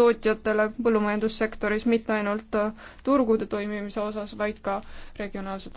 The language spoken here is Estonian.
tootjatele põllumajandussektoris mitte ainult turgude toimimise osas, vaid ka regionaalset